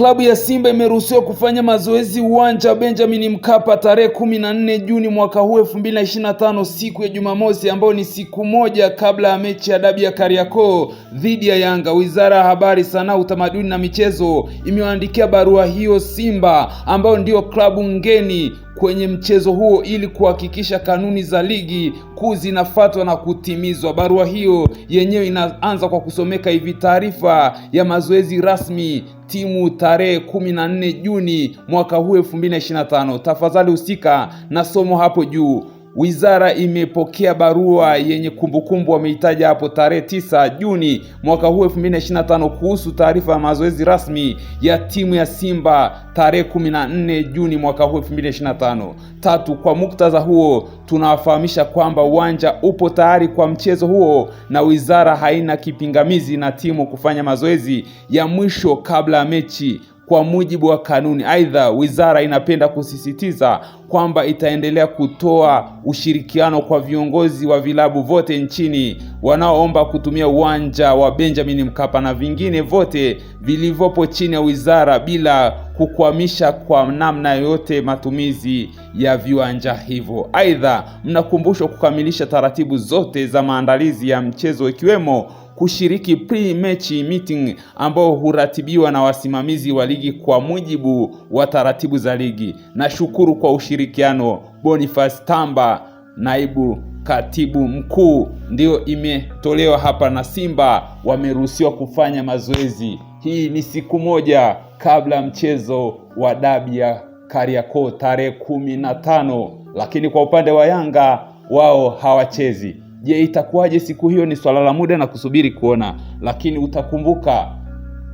Klabu ya Simba imeruhusiwa kufanya mazoezi uwanja wa Benjamin Mkapa tarehe kumi na nne Juni mwaka huu elfu mbili na ishirini na tano siku ya Jumamosi, ambayo ni siku moja kabla ya mechi ya dabi ya Kariakoo dhidi ya Yanga. Wizara ya Habari, Sanaa, Utamaduni na Michezo imewaandikia barua hiyo Simba, ambayo ndiyo klabu ngeni kwenye mchezo huo ili kuhakikisha kanuni za ligi kuu zinafuatwa na kutimizwa. Barua hiyo yenyewe inaanza kwa kusomeka hivi: taarifa ya mazoezi rasmi timu tarehe kumi na nne Juni mwaka huu 2025. Tafadhali husika na somo hapo juu. Wizara imepokea barua yenye kumbukumbu wameitaja hapo tarehe tisa Juni mwaka huu 2025 kuhusu taarifa ya mazoezi rasmi ya timu ya Simba tarehe 14 Juni mwaka huu 2025. Tatu, kwa muktadha huo tunawafahamisha kwamba uwanja upo tayari kwa mchezo huo na wizara haina kipingamizi na timu kufanya mazoezi ya mwisho kabla ya mechi kwa mujibu wa kanuni. Aidha, wizara inapenda kusisitiza kwamba itaendelea kutoa ushirikiano kwa viongozi wa vilabu vote nchini wanaoomba kutumia uwanja wa Benjamin Mkapa na vingine vote vilivyopo chini ya wizara bila kukwamisha kwa namna yoyote matumizi ya viwanja hivyo. Aidha, mnakumbushwa kukamilisha taratibu zote za maandalizi ya mchezo ikiwemo kushiriki pre-match meeting ambao huratibiwa na wasimamizi wa ligi kwa mujibu wa taratibu za ligi. Nashukuru kwa ushirikiano. Boniface Tamba, naibu katibu mkuu. Ndiyo imetolewa hapa na Simba wameruhusiwa kufanya mazoezi. Hii ni siku moja kabla ya mchezo wa dabi ya Kariakoo tarehe kumi na tano, lakini kwa upande wa Yanga wao hawachezi. Je, itakuwaje siku hiyo? Ni swala la muda na kusubiri kuona, lakini utakumbuka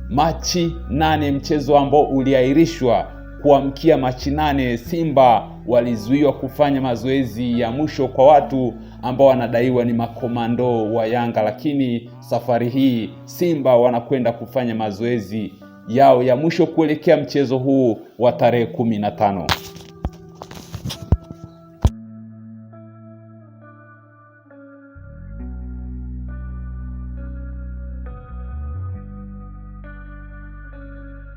Machi nane, mchezo ambao uliahirishwa kuamkia Machi nane, Simba walizuiwa kufanya mazoezi ya mwisho kwa watu ambao wanadaiwa ni makomando wa Yanga, lakini safari hii Simba wanakwenda kufanya mazoezi yao ya mwisho kuelekea mchezo huu wa tarehe kumi na tano.